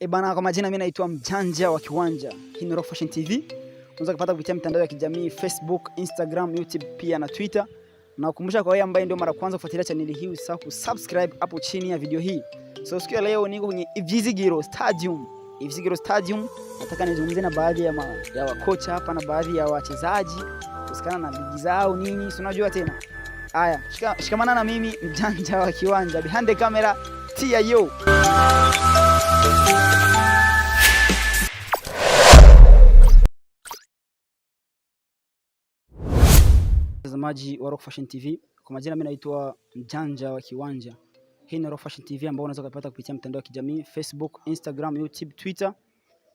E bana, kwa majina mimi naitwa Mjanja wa Kiwanja. Hii ni Rock Fashion TV. Unaweza kupata kupitia mitandao ya kijamii Facebook, Instagram, YouTube pia na Twitter. Na kukumbusha kwa wewe ambaye ndio mara kwanza kufuatilia channel hii usisahau kusubscribe hapo chini ya video hii. So siku ya leo niko kwenye Ivizigiro Stadium. Ivizigiro Stadium, nataka nizungumze na baadhi ya ma, ya wakocha hapa na baadhi ya wachezaji kusikana na ligi zao nini, si unajua tena. Haya, shika, shikamana na mimi Mjanja wa Kiwanja behind the camera TIO mtazamaji wa Rock Fashion TV, kwa majina mimi naitwa Mjanja wa Kiwanja. Hii ni Rock Fashion TV ambayo unaweza kupata kupitia mtandao wa kijamii Facebook, Instagram, YouTube, Twitter.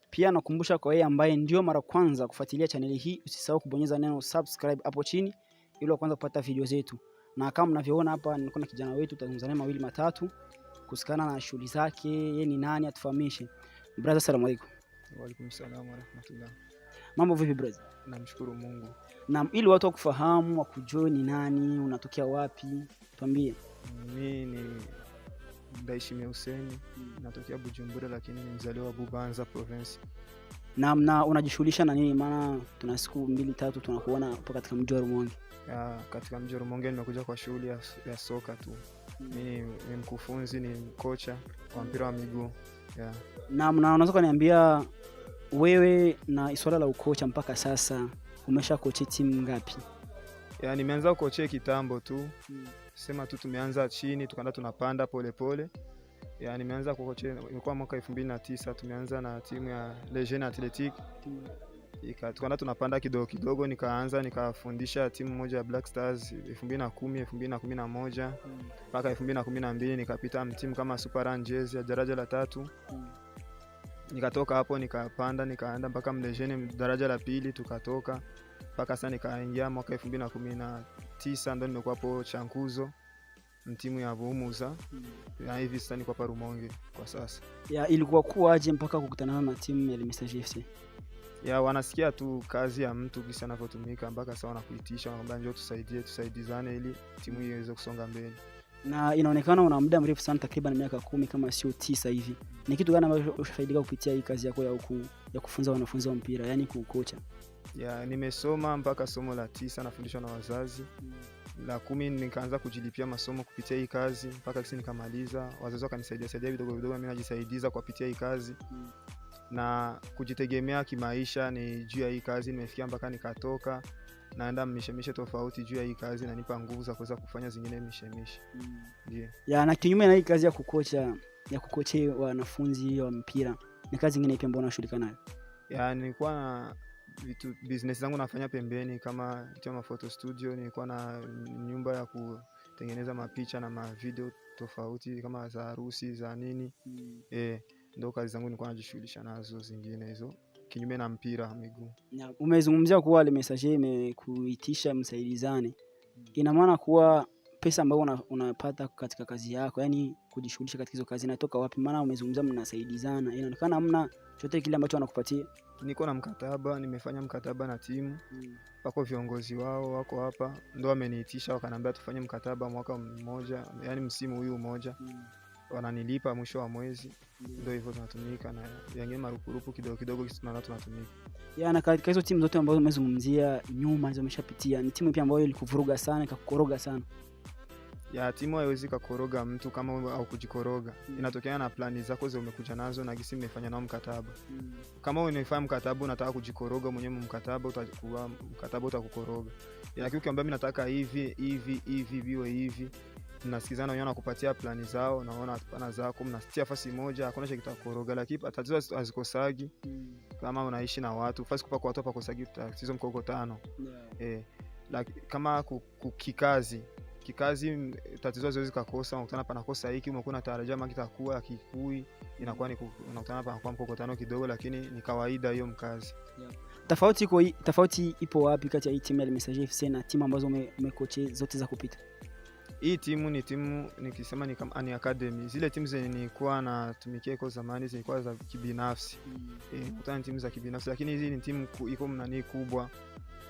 Pia nakumbusha kwa yeye ambaye ndio mara kwanza kufuatilia chaneli hii, usisahau kubonyeza neno subscribe hapo chini ili kwanza kupata video zetu, na kama mnavyoona hapa, niko na kijana wetu, tutazungumza naye mawili matatu kusikana na shughuli zake, yeye ni nani atufahamishe. Brother, salamu alaykum. Wa alaykum salaam wa rahmatullah. Mambo vipi brother? Namshukuru Mungu. Na ili watu wakufahamu wakujue ni nani, unatokea wapi, tuambie. Mimi ni Ndayishimiye Hussein, natokea Bujumbura lakini ni mzaliwa wa Bubanza province. Na, na unajishughulisha na nini? Maana tuna siku mbili tatu tunakuona hapo katika mji wa Rumonge. Ah, katika mji wa Rumonge nimekuja kwa shughuli ya, ya soka tu ni, ni mkufunzi, ni kocha wa mpira wa miguu yeah. Naam, na unaweza kuniambia wewe na swala la ukocha mpaka sasa umesha koche timu ngapi? Yeah, nimeanza kukochea kitambo tu hmm. Sema tu tumeanza chini tukaenda tunapanda polepole pole. Ya, nimeanza kukochea ilikuwa mwaka elfu mbili na tisa tumeanza na timu ya Lejeune athletic hmm tukaona tunapanda kidogo kidogo, nikaanza nikafundisha timu moja ya Black Stars 2010 2011 mpaka mm. 2012 nikapita timu kama Super Rangers ya daraja la tatu mm. Nikatoka hapo nikapanda nikaenda mpaka Mlejeni daraja la pili, tukatoka mpaka sasa nikaingia mwaka 2019 ndio nimekuwa hapo Chankuzo timu ya Vumuza mm. na hivi sasa niko hapa Rumonge kwa sasa. Ya, ilikuwa kuwaje mpaka kukutana na timu ya Limesa FC? ya wanasikia tu kazi ya mtu kisi anavyotumika mpaka sasa wanakuitisha, wanakwambia njoo tusaidie, tusaidizane ili timu hiyo iweze kusonga mbele. Na inaonekana una muda mrefu sana, takriban miaka kumi kama sio tisa hivi. Ni kitu gani ambacho ushafaidika kupitia hii kazi yako ya, uku, ya kufunza wanafunzi wa mpira yani kuukocha Ya, nimesoma mpaka somo la tisa nafundishwa na wazazi mm. La kumi nikaanza kujilipia masomo kupitia hii kazi mpaka kisi nikamaliza. Wazazi wakanisaidia saidia vidogo vidogo, mimi najisaidiza kwapitia hii kazi mm na kujitegemea kimaisha ni juu ya hii kazi. Nimefikia mpaka nikatoka naenda mishemishe tofauti juu ya hii kazi, nanipa nguvu za kuweza kufanya zingine mishemishe mm. yeah. ya na kinyume na hii kazi ya kukocha ya kukochea wanafunzi wa mpira, ni kazi nyingine ipi ambayo unashughulika nayo? ya nilikuwa na vitu business zangu nafanya pembeni, kama vitu ma photo studio, nilikuwa na nyumba ya kutengeneza mapicha na mavideo tofauti kama za harusi za nini mm. eh, yeah ndo kazi zangu nilikuwa najishughulisha nazo zingine hizo kinyume na mpira wa miguu. Umezungumzia kuwa ile message imekuitisha msaidizane, ina maana kuwa pesa ambayo unapata una katika kazi yako, yani kujishughulisha katika hizo kazi inatoka wapi? Maana umezungumza mnasaidizana, inaonekana hamna chote kile ambacho wanakupatia. Niko na mkataba, nimefanya mkataba na timu hmm. Wako viongozi wao wako hapa, ndo wameniitisha wakaniambia tufanye mkataba mwaka mmoja, yani msimu huyu mmoja hmm wananilipa mwisho wa mwezi, ndo hivyo tunatumika, na wengine marupurupu kidogo kidogo tunatumika. yeah, na katika hizo timu zote ambazo umezungumzia nyuma hizo umeshapitia, ni timu pia ambayo ilikuvuruga sana ikakukoroga sana? Ya timu haiwezi kakoroga mtu kama au kujikoroga. Mm. Inatokana na plani zako za umekuja nazo na gisi mmefanya nao mkataba. Mm. Kama unafanya mkataba unataka kujikoroga mwenyewe mkataba utakuwa mkataba utakukoroga. lakini ukiambia mimi nataka hivi hivi hivi biwe hivi mnasikizana wenyewe, anakupatia plani zao naona pana zako, mnasitia fasi moja, hakuna cha kitakoroga, lakini tatizo hazikosagi mm. Kama unaishi na watu fasi kupa kwa watu pakosagi tatizo mkokotano yeah. Eh, like, kama kukikazi kikazi tatizo haziwezi kakosa, unakutana pana kosa hiki umekuwa unatarajia mangi takuwa akikui inakuwa ni unakutana pana kwa panakuwa tano kidogo, lakini ni kawaida hiyo mkazi yeah. Tofauti iko tofauti ipo wapi kati ya hii timu ya Messager FC na timu ambazo umekoche zote za kupita? hii timu ni timu nikisema ni kama ni academy. Zile timu zenye nilikuwa natumikia iko zamani zilikuwa za kibinafsi mm. E, kutana timu za kibinafsi, lakini hizi ni timu iko mnanii kubwa,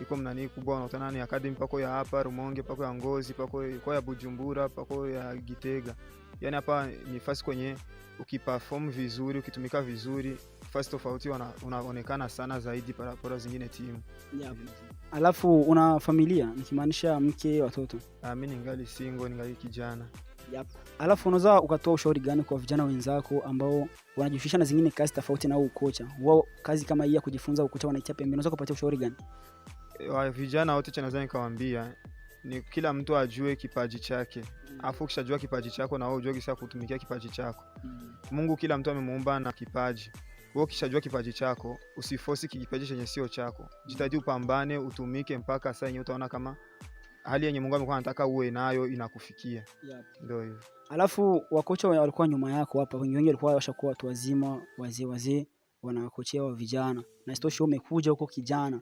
iko mnanii kubwa, unakutana ni academy pako ya hapa Rumonge, pako ya Ngozi, pako kwa ya Bujumbura, pako ya Gitega. Yani hapa ni fasi kwenye ukiperform vizuri, ukitumika vizuri nafasi tofauti unaonekana sana zaidi parapora zingine timu yeah. Mm. Alafu una familia nikimaanisha mke, watoto? Ah, mi ningali singo ningali kijana Yep. Alafu unaweza ukatoa ushauri gani kwa vijana wenzako ambao wanajihusisha na zingine kazi tofauti na ukocha wao, kazi kama hii ya kujifunza ukocha wanaitia pembeni, unaweza kupatia ushauri gani eh, wa vijana wote? Cha nadhani kawaambia ni kila mtu ajue kipaji chake, mm. afu ukishajua kipaji chako na wewe ujue kisa kutumikia kipaji chako. Mm. Mungu kila mtu amemuumba na kipaji wewe ukishajua kipaji chako usifosi kipaji chenye sio chako. Jitahidi upambane, utumike mpaka saa yenyewe utaona kama hali yenye Mungu amekuwa anataka uwe nayo inakufikia. Ndio hivyo. Alafu wakocha walikuwa nyuma yako hapa, wengi wengi walikuwa washakuwa watu wazima, wazee wazee, wanakochea wa vijana, na istoshi umekuja huko kijana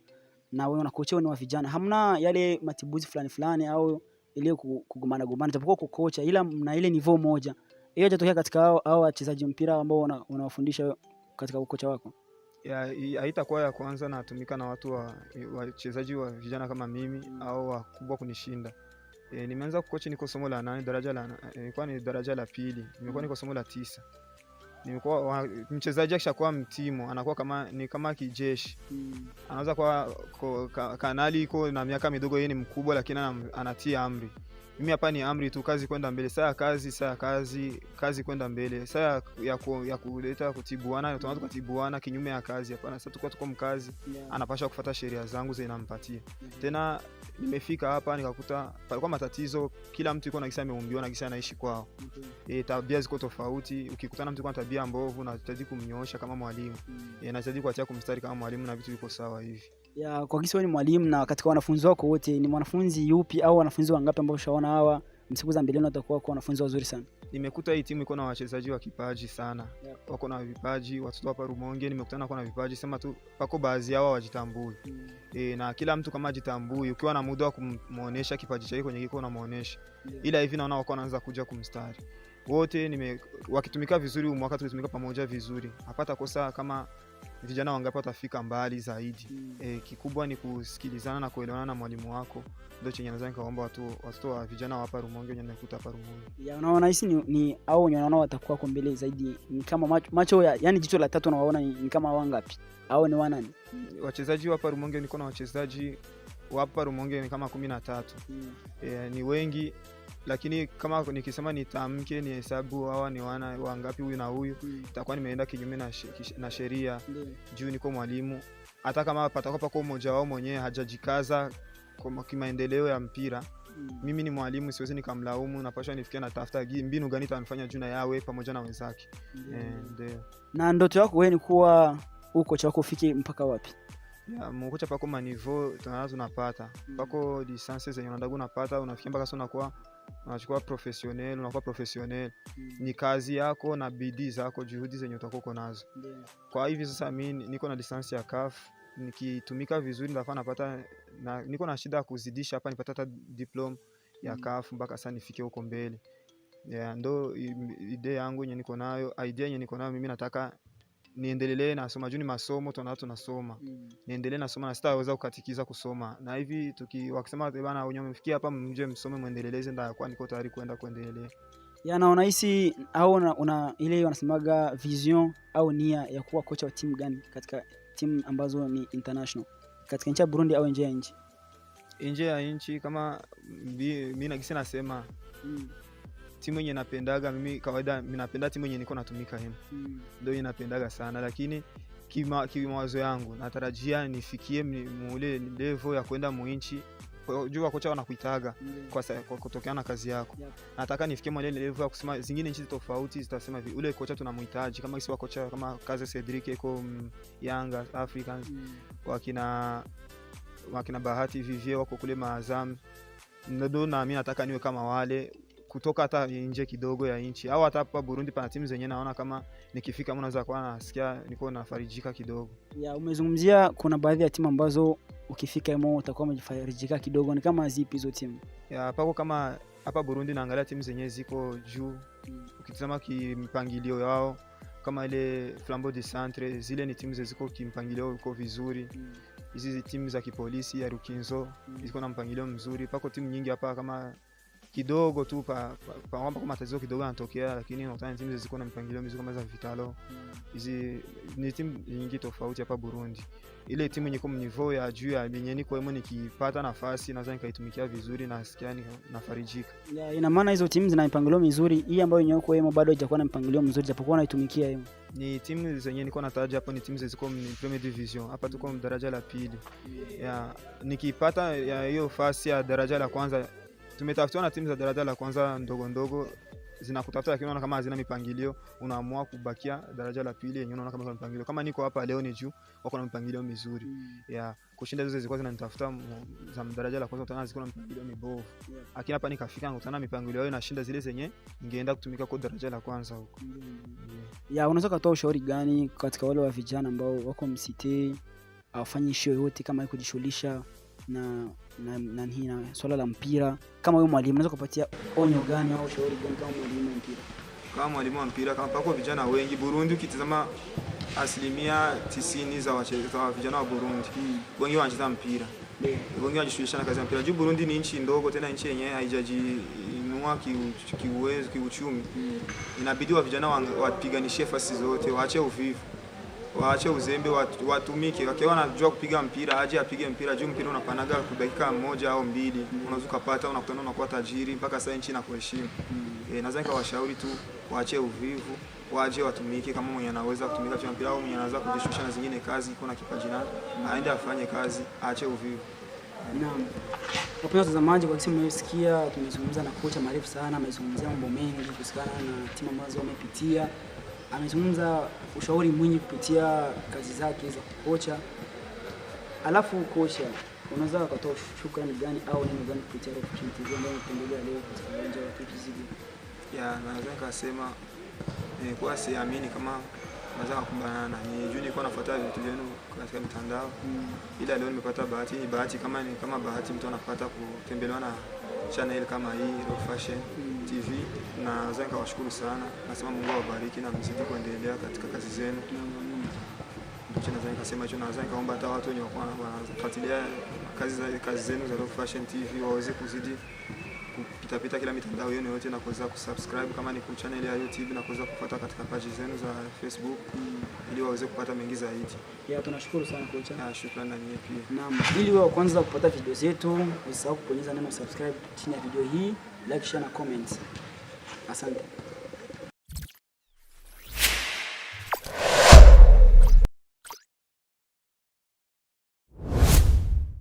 na wewe unakochea ni wa vijana, hamna yale matibuzi fulani fulani au ile kugumana gumana, japokuwa kukocha, ila mna ile nivo moja. Hiyo inatokea katika hao wachezaji mpira ambao unawafundisha katika ukocha wako? Haitakuwa ya, ya kwanza natumika na watu wachezaji wa, vijana kama mimi au wakubwa kunishinda. E, nimeanza kukocha niko somo la nane, daraja la nilikuwa ni daraja la pili, nimekuwa niko somo la tisa. Nimekuwa mchezaji akishakuwa mtimu anakuwa kama ni kama kijeshi. Anaweza kuwa kanali iko na miaka midogo, yeye ni mkubwa lakini anatia amri mimi hapa ni amri tu, kazi kwenda mbele, saa ya kazi, saa ya kazi, kazi kwenda mbele, saa ya ku, ya kuleta kutibuana, tunaanza kutibuana kinyume ya kazi. Hapana, sasa tuko tuko mkazi yeah. anapasha kufuata sheria zangu nampatia mm -hmm. tena. Nimefika hapa nikakuta palikuwa matatizo, kila mtu yuko na kisa ameumbiwa na kisa anaishi kwao. mm -hmm. E, tabia ziko tofauti. Ukikutana mtu kwa tabia mbovu, unahitaji kumnyoosha kama mwalimu mm -hmm. e, eh, unahitaji kuachia kumstari kama mwalimu, na vitu viko sawa hivi ya kwa kisi ni mwalimu na katika wanafunzi wako wote, ni mwanafunzi yupi au wanafunzi wangapi ambao ushaona hawa msiku za mbeleni watakuwa kwa wanafunzi wazuri sana? Nimekuta hii timu iko na wachezaji wa kipaji sana, yeah. Wako na vipaji watoto hapa Rumonge, nimekutana kwa na vipaji, sema tu pako baadhi yao wajitambui. mm. E, na kila mtu kama ajitambui, ukiwa na muda wa kumuonesha kipaji chake kwenye kiko unamuonesha, yeah. Hmm. Ila hivi naona wako wanaanza kuja kumstari wote, nime wakitumika vizuri, umwaka tulitumika pamoja vizuri, hapata kosa kama vijana wangapi watafika mbali zaidi. Mm. E, kikubwa ni kusikilizana na kuelewana na mwalimu wako, ndo chenye naza nikaomba watoto wa vijana wapa Rumonge wenye nakuta hapa Rumonge. unaona hisi ni, ni au wenye unaona watakuwa ko mbele zaidi ni kama macho, macho ya, yani jicho la tatu unawaona ni, ni kama wangapi au ni wanani? Wachezaji wapa Rumonge niko na wachezaji wapa Rumonge ni kama kumi na tatu mm. E, ni wengi lakini kama nikisema nitamke ni hesabu hawa ni wana wangapi huyu na huyu mm. itakuwa nimeenda kinyume na, sh, na sheria mm. juu niko mwalimu. Hata kama pako mmoja wao mwenyewe hajajikaza kwa kimaendeleo ya mpira mm. mimi ni mwalimu, siwezi nikamlaumu. Napasha nifikia na tafuta mbinu gani tanifanya juu na yawe pamoja na wenzake mm. E, na ndoto yako wewe ni kuwa huko chako ufike mpaka wapi? ya mukucha pako manivo tanaza unapata mm. pako lisansi zenye unadaga unapata, unafikia mpaka sasa unakuwa unachukua professionnel, unakuwa professionnel mm. Ni kazi yako na bidii zako, juhudi zenye utakuwa uko nazo yeah. Kwa hivi sasa mimi niko na lisansi ya kaf nikitumika vizuri ndafa napata na, niko na shida ya kuzidisha hapa nipata hata diploma ya mm. CAF mpaka sasa nifike huko mbele yeah, ndo idea yangu yenye niko nayo, idea yenye niko nayo mimi nataka niendelee nasoma juu ni masomo tuna tunasoma mm. niendelee nasoma na sitaweza kukatikiza kusoma na hivi tuki wakisema bana wenye mfikia hapa mje msome mwendeleleze ndio kwa niko tayari kwenda kuendelea na unahisi au una, una ile wanasemaga vision au nia ya kuwa kocha wa timu gani katika timu ambazo ni international katika nchi ya Burundi au nje ya nchi nje ya nchi kama mimi nagisi nasema mm timu yenye napendaga mimi kawaida napenda timu yenye niko natumika hema mm. Ndio yenye napendaga sana, lakini kimawazo kima yangu natarajia nifikie mule level ya kwenda muinchi juu kocha wanakuitaga hmm. kwa, kwa kutokana na kazi yako yep. Nataka nifikie mwa ile level ya kusema zingine nchi tofauti zitasema hivi, ule kocha tunamhitaji kama kisi kocha kama kazi Cedric iko mm, Yanga Africans mm. wakina wakina Bahati Vivie wako kule Maazam, ndio na mimi nataka niwe kama wale kutoka hata nje kidogo ya nchi au hata hapa Burundi pana timu zenyewe naona kama nikifika naweza kuwa nasikia niko nafarijika kidogo. Ya, umezungumzia kuna baadhi ya timu ambazo ukifika imo utakuwa umejifarijika kidogo, ni kama zipi hizo timu? Ya, pako kama hapa Burundi naangalia timu zenye ziko juu mm. Ukitazama kimpangilio yao kama ile Flambeau de Centre zile ni timu ziko kimpangilio uko vizuri mm. Hizi timu za kipolisi ya Rukinzo mm. ziko na mpangilio mzuri, pako timu nyingi hapa kama kidogo tu pa pa kama tatizo kidogo anatokea lakini unakutana timu zilizokuwa na mpangilio mzuri kama za Vitalo. Hizi ni timu nyingi tofauti hapa Burundi. Ile timu yenye kama mnivo ya juu ya yenye kwa hiyo nikipata nafasi naweza nikaitumikia vizuri na sikia nafarijika. Yeah, ina maana hizo timu zina mpangilio mzuri. Hii ambayo yenye uko yemo bado haijakuwa na mpangilio mzuri japokuwa naitumikia yemo. Ni timu zenye niko nataja hapo ni timu zilizokuwa ni premier division. Hapa tuko daraja la pili. Yeah, nikipata hiyo fasi ya daraja la kwanza tumetafutiwa na timu za daraja la kwanza ndogo ndogo zinakutafuta lakini unaona kama hazina mipangilio, unaamua kubakia daraja la pili yenye unaona kama kuna mipangilio. Kama niko hapa leo ni juu wako na mipangilio mizuri mm. ya kushinda zote zilikuwa zinanitafuta za daraja la kwanza, utaona ziko na mipangilio mibovu yeah. Lakini hapa nikafika nikutana mipangilio yao inashinda zile zenye ingeenda kutumika kwa daraja la kwanza huko mm. yeah. Ya unaweza kutoa ushauri gani katika wale wa vijana ambao wako msite, afanye show yote kama kujishughulisha na, na, na, na swala la mpira, kama wewe mwalimu unaweza kupatia onyo gani au ushauri gani kama mwalimu wa mpira? Kama mwalimu wa mpira, kama pako vijana wengi Burundi, ukitazama asilimia tisini za, wa vijana wa Burundi hmm, wengi wanacheza mpira yeah, wengi wanajishughulisha na kazi ya mpira juu Burundi ni nchi ndogo, tena nchi yenyewe haijajiinua kiuwezo, kiuchumi. mm. inabidi wa vijana wapiganishe fasi zote, waache uvivu waache uzembe, watumike. Wakiwa wanajua kupiga mpira aje apige mpira juu mpira unapanaga kwa dakika moja au mbili, unaweza kupata, unakutana, unakuwa tajiri mpaka sasa nchi inakuheshimu. Mm. E, nadhani kawashauri tu waache uvivu, waje watumike. Kama mwenye anaweza kutumika kwa mpira au mwenye anaweza kujishughulisha na zingine kazi, kuna kipaji nacho, aende afanye kazi, aache uvivu. Naam. Wapenzi watazamaji, kwa simu mmesikia, tumezungumza na kocha marefu sana, amezungumzia mambo mengi kuhusiana na timu ambazo wamepitia amezungumza ushauri mwingi kupitia kazi zake za kocha. Alafu kocha, unaweza kutoa shukrani gani au neno gani kupitia opportunity ambayo umetembelea leo katika uwanja wa KPZ? Ya, naweza nikasema nilikuwa eh, siamini kama naweza kukumbana na nyinyi juu nilikuwa nafuata vitu vyenu katika mitandao mm. Ila leo nimepata bahati, bahati kama ni kama bahati mtu anapata kutembelewa na channel kama hii Rock Fashion TV, naweza nikawashukuru sana. Nasema Mungu awabariki na mzidi kuendelea katika kazi zenu. Ndicho naweza nikasema hicho. Naweza nikaomba hata watu wenye wanafuatilia kazi zenu za Rock Fashion TV waweze kuzidi pitapita kila mitandao yenu yote na kuweza kusubscribe kama ni channel ya YouTube na kuweza kufuata katika page zenu za Facebook ili waweze kupata mengi zaidi. Ya, tunashukuru sana kocha. Ah, shukrani na nyinyi pia. Naam, ili wao kwanza kupata video zetu, usisahau kubonyeza neno subscribe chini ya video hii, like, share na comment. Asante.